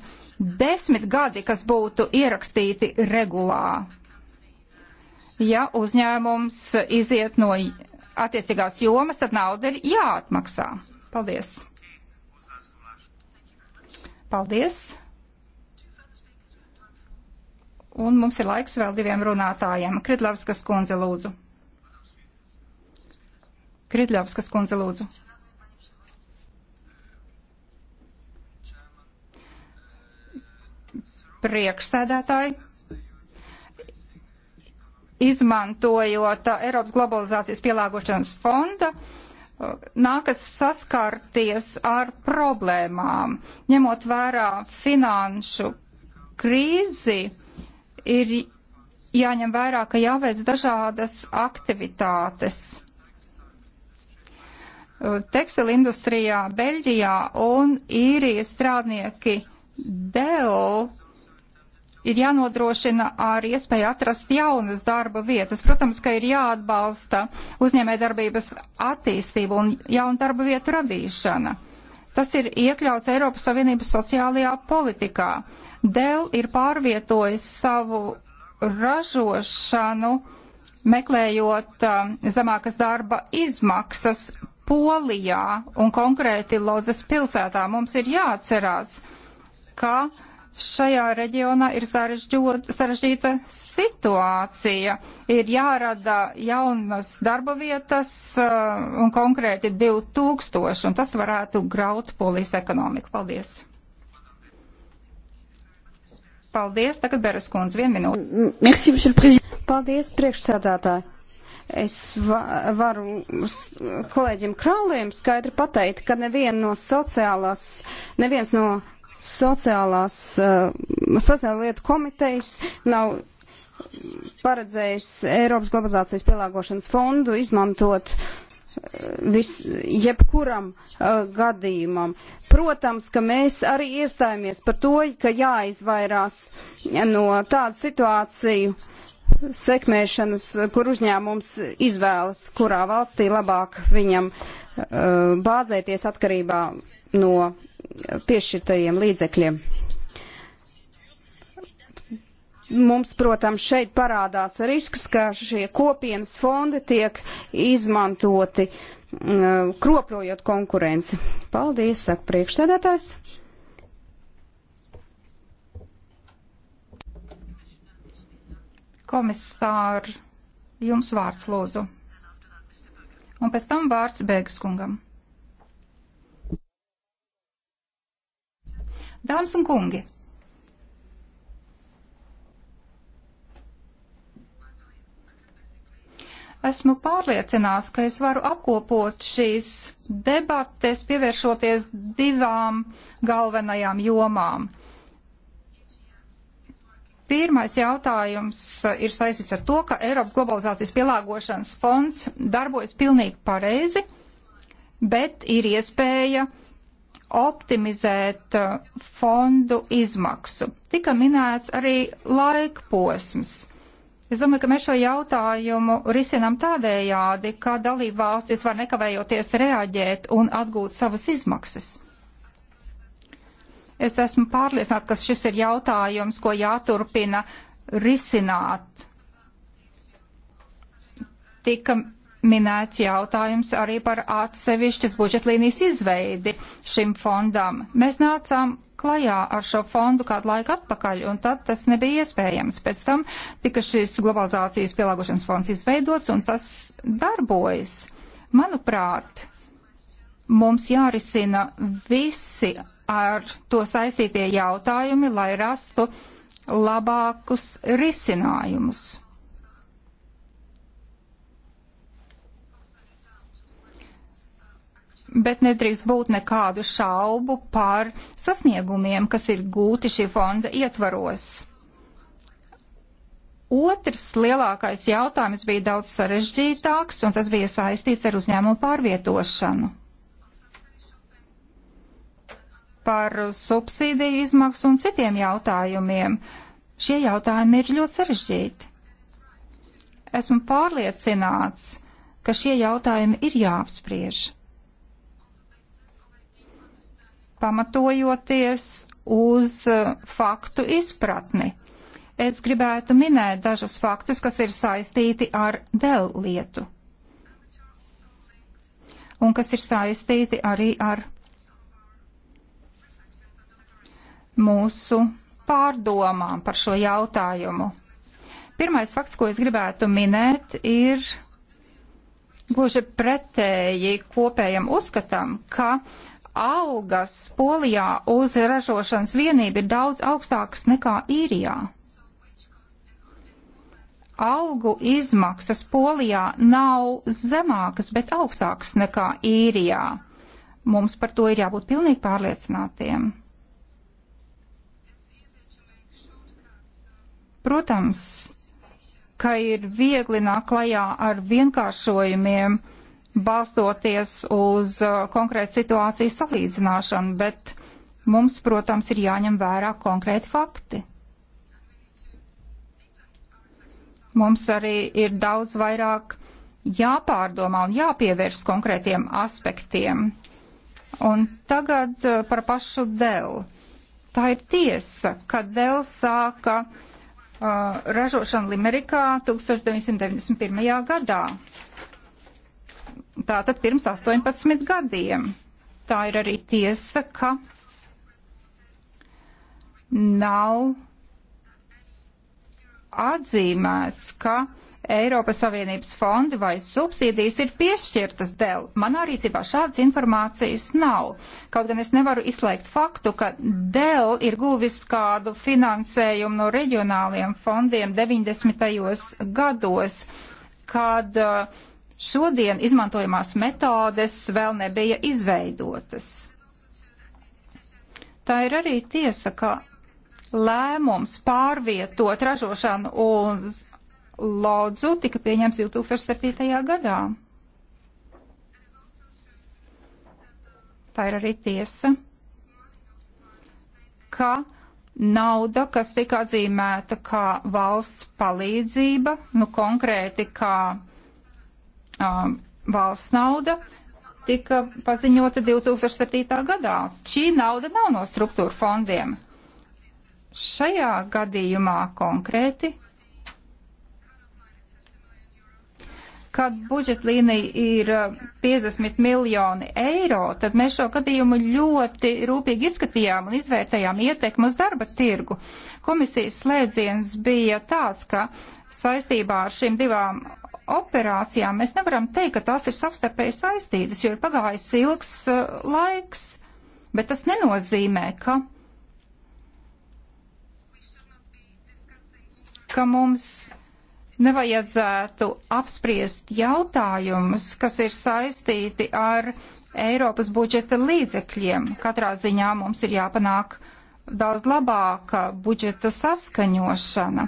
desmit gadi, kas būtu ierakstīti regulā. Ja uzņēmums iziet no attiecīgās jomas, tad nauda ir jāatmaksā. Paldies! Paldies! Un mums ir laiks vēl diviem runātājiem. Kridlavskas kundze lūdzu. Kridlavskas kundze lūdzu. Priekšsēdētāji, izmantojot Eiropas globalizācijas pielāgošanas fonda, nākas saskarties ar problēmām, ņemot vērā finanšu krīzi ir jāņem vērā, ka jāveic dažādas aktivitātes. Tekstila industrijā Beļģijā un īrijas strādnieki Dell ir jānodrošina ar iespēju atrast jaunas darba vietas. Protams, ka ir jāatbalsta uzņēmē darbības attīstība un jauna darba vietu radīšana. Tas ir iekļauts Eiropas Savienības sociālajā politikā. Dell ir pārvietojis savu ražošanu, meklējot um, zemākas darba izmaksas Polijā un konkrēti Lodzes pilsētā. Mums ir jāatcerās, ka uh, šajā reģionā ir sarežģīta situācija. Ir jārada jaunas darba vietas uh, un konkrēti 2000, un tas varētu graut polijas ekonomiku. Paldies! Paldies, tagad Beres kundze, vienu minūti. Merci, monsieur le président. Paldies, priekšsēdātāji. Es va varu kolēģim Krauliem skaidri pateikt, ka neviena no sociālās, neviens no sociālās, eh, sociāla lietu komitejas nav paredzējis Eiropas globalizācijas pielāgošanas fondu izmantot eh, vis, jebkuram uh, gadījumam. Protams, ka mēs arī iestājāmies par to, ka jāizvairās no tādu situāciju sekmēšanas, kur uzņēmums izvēlas, kurā valstī labāk viņam uh, bāzēties atkarībā no piešķirtajiem līdzekļiem. Mums, protams, šeit parādās risks, ka šie kopienas fondi tiek izmantoti mm, kroprojot konkurenci. Paldies, saka priekšsēdētājs. Komisār, jums vārds lūdzu. Un pēc tam vārds Bēgas kungam. Dāmas un kungi! Esmu pārliecināts, ka es varu apkopot šīs debates, pievēršoties divām galvenajām jomām. Pirmais jautājums ir saistīts ar to, ka Eiropas globalizācijas pielāgošanas fonds darbojas pilnīgi pareizi, bet ir iespēja uh, optimizēt uh, fondu izmaksu. Tika minēts arī laikposms. Es domāju, ka mēs šo jautājumu risinām tādējādi, ka dalība valstis var nekavējoties reaģēt un atgūt savas izmaksas. Es esmu pārliecināta, ka šis ir jautājums, ko jāturpina risināt. Tika minēts jautājums arī par atsevišķas budžetlīnijas izveidi šim fondam. Mēs nācām klajā ar šo fondu kādu laiku atpakaļ, un tad tas nebija iespējams. Pēc tam tika šis globalizācijas pielāgošanas fonds izveidots, un tas darbojas. Manuprāt, mums jārisina visi ar to saistītie jautājumi, lai rastu labākus risinājumus. bet nedrīkst būt nekādu šaubu par sasniegumiem, kas ir gūti šī fonda ietvaros. Otrs lielākais jautājums bija daudz sarežģītāks, un tas bija saistīts ar uzņēmumu pārvietošanu. Par subsīdiju izmaksu un citiem jautājumiem. Šie jautājumi ir ļoti sarežģīti. Esmu pārliecināts, ka šie jautājumi ir jāapspriež pamatojoties uz eh, faktu izpratni. Es gribētu minēt dažus faktus, kas ir saistīti ar Dell lietu un kas ir saistīti arī ar mūsu pārdomām par šo jautājumu. Pirmais fakts, ko es gribētu minēt, ir gluži pretēji kopējam uzskatam, ka uh, algas Polijā uz ražošanas vienību ir daudz augstākas nekā īrijā algu izmaksas Polijā nav zemākas, bet augstākas nekā īrijā. Mums par to ir jābūt pilnīgi pārliecinātiem. Protams, ka ir viegli nāk klajā ar vienkāršojumiem balstoties uz uh, konkrētu situāciju salīdzināšanu, bet mums, protams, ir jāņem vērā konkrēti fakti. Mums arī ir daudz vairāk jāpārdomā un jāpievērš konkrētiem aspektiem. Un tagad uh, par pašu Dēlu. Tā ir tiesa, ka Dēls sāka uh, ražošanu Limerikā 1991. gadā tātad pirms 18 gadiem. Tā ir arī tiesa, ka nav atzīmēts, ka Eiropas Savienības fondi vai subsīdijas ir piešķirtas dēļ. Manā rīcībā šādas informācijas nav. Kaut gan es nevaru izslēgt faktu, ka dēļ ir guvis kādu finansējumu no reģionāliem fondiem 90. gados, kad uh, Šodien izmantojamās metodes vēl nebija izveidotas. Tā ir arī tiesa, ka lēmums pārvietot ražošanu uz Lodzu tika pieņemts 2007. gadā. Tā ir arī tiesa, ka nauda, kas tika atzīmēta kā valsts palīdzība, nu konkrēti kā um, valsts nauda tika paziņota 2007. gadā. Šī nauda nav no struktūra fondiem. Šajā gadījumā konkrēti, kad budžetlīnija ir 50 uh, miljoni eiro, tad mēs šo gadījumu ļoti rūpīgi izskatījām un izvērtējām ietekmu uz darba tirgu. Komisijas slēdziens bija tāds, ka saistībā ar šīm divām operācijām mēs nevaram teikt, ka tās ir savstarpēji saistītas, jo ir pagājis ilgs uh, laiks, bet tas nenozīmē, ka, ka mums nevajadzētu apspriest jautājumus, kas ir saistīti ar Eiropas budžeta līdzekļiem. Katrā ziņā mums ir jāpanāk daudz labāka budžeta saskaņošana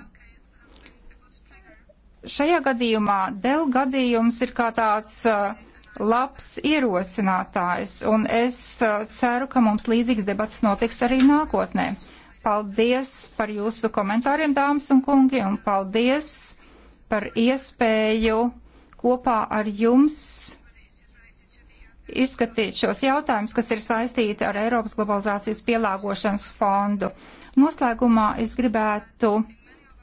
šajā gadījumā Dell gadījums ir kā tāds uh, labs ierosinātājs, un es uh, ceru, ka mums līdzīgs debats notiks arī nākotnē. Paldies par jūsu komentāriem, dāmas un kungi, un paldies par iespēju kopā ar jums izskatīt šos jautājumus, kas ir saistīti ar Eiropas globalizācijas pielāgošanas fondu. Noslēgumā es gribētu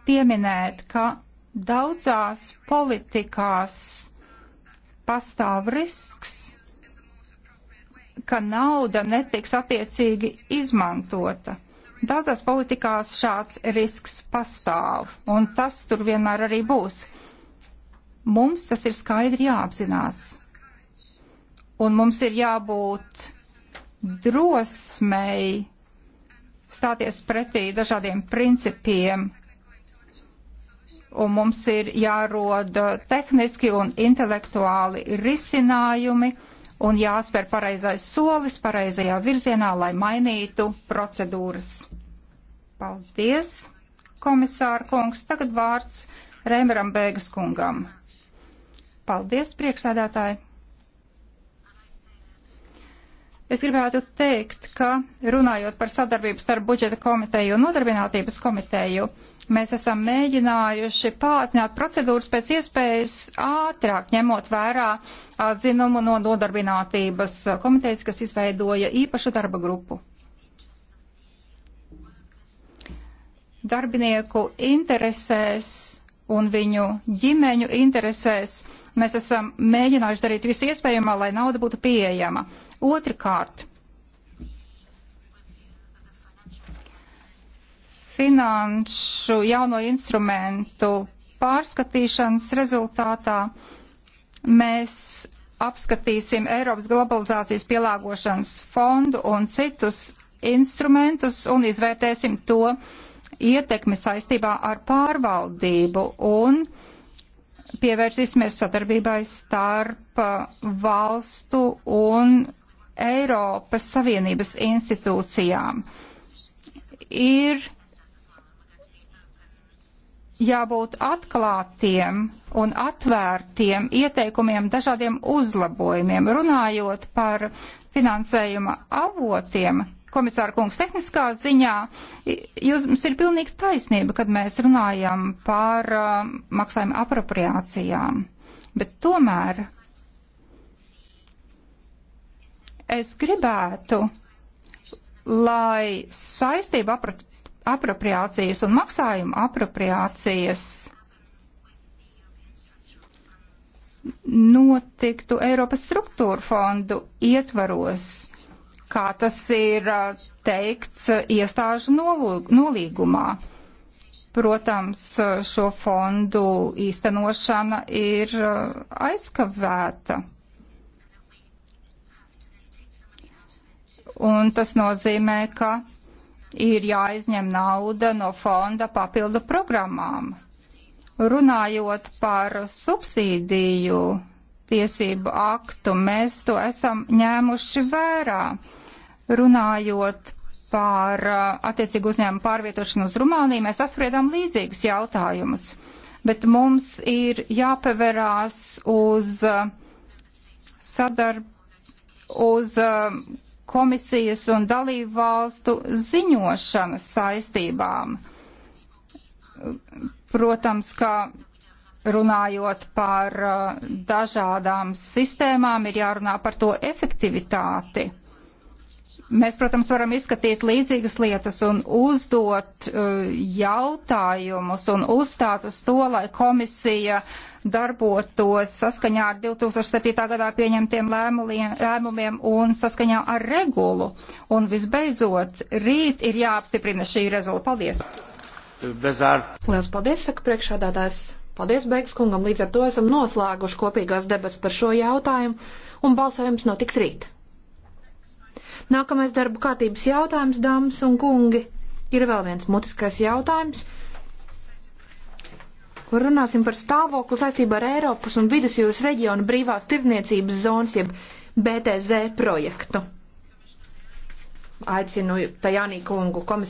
pieminēt, ka Daudzās politikās pastāv risks, ka nauda netiks attiecīgi izmantota. Daudzās politikās šāds risks pastāv, un tas tur vienmēr arī būs. Mums tas ir skaidri jāapzinās. Un mums ir jābūt drosmei stāties pretī dažādiem principiem, un mums ir jārod tehniski un intelektuāli risinājumi un jāspēr pareizais solis pareizajā virzienā, lai mainītu procedūras. Paldies, komisāra kungs. Tagad vārds Rēmeram Bēgas kungam. Paldies, priekšsēdētāji! Es gribētu teikt, ka runājot par sadarbību starp budžeta komiteju un nodarbinātības komiteju, mēs esam mēģinājuši pātrināt procedūras pēc iespējas ātrāk, ņemot vērā atzinumu no nodarbinātības komitejas, kas izveidoja īpašu darba grupu. Darbinieku interesēs un viņu ģimeņu interesēs mēs esam mēģinājuši darīt visu iespējamo, lai nauda būtu pieejama. Otrakārt, finanšu jauno instrumentu pārskatīšanas rezultātā mēs apskatīsim Eiropas globalizācijas pielāgošanas fondu un citus instrumentus un izvērtēsim to ietekmi saistībā ar pārvaldību un pievērsīsimies sadarbībai starp valstu un Eiropas Savienības institūcijām ir jābūt atklātiem un atvērtiem ieteikumiem dažādiem uzlabojumiem. Runājot par finansējuma avotiem, komisāra kungs, tehniskā ziņā jums ir pilnīgi taisnība, kad mēs runājam par uh, maksājuma apropriācijām. Bet tomēr Es gribētu, lai saistība apra apropriācijas un maksājuma apropriācijas notiktu Eiropas struktūra fondu ietvaros, kā tas ir uh, teikts uh, iestāžu nolīgumā. Protams, uh, šo fondu īstenošana ir aizkavēta. un tas nozīmē, ka ir jāizņem nauda no fonda papildu programmām. Runājot par subsīdiju tiesību aktu, mēs to esam ņēmuši vērā. Runājot par uh, attiecīgu uzņēmumu pārvietošanu uz Rumāniju, mēs apspriedām līdzīgus jautājumus, bet mums ir jāpaverās uz uh, sadarbību uz uh, komisijas un dalību valstu ziņošanas saistībām. Protams, ka runājot par uh, dažādām sistēmām, ir jārunā par to efektivitāti mēs, protams, varam izskatīt līdzīgas lietas un uzdot uh, jautājumus un uzstāt uz to, lai komisija darbotos saskaņā ar 2007. gadā pieņemtiem lēmumiem, lēmumiem un saskaņā ar regulu. Un visbeidzot, rīt ir jāapstiprina šī rezula. Paldies! Bezārt. Lielas paldies, saka priekšādātājs. Paldies, Beigas kungam. Līdz ar to esam noslēguši kopīgās debats par šo jautājumu un balsojums notiks rīt. Nākamais darba kārtības jautājums, dāmas un kungi, ir vēl viens mutiskais jautājums, kur runāsim par stāvokli saistībā ar Eiropas un Vidusjūras reģionu brīvās tirdzniecības zonas, jeb BTZ projektu. Aicinu Tajānī kungu komisiju.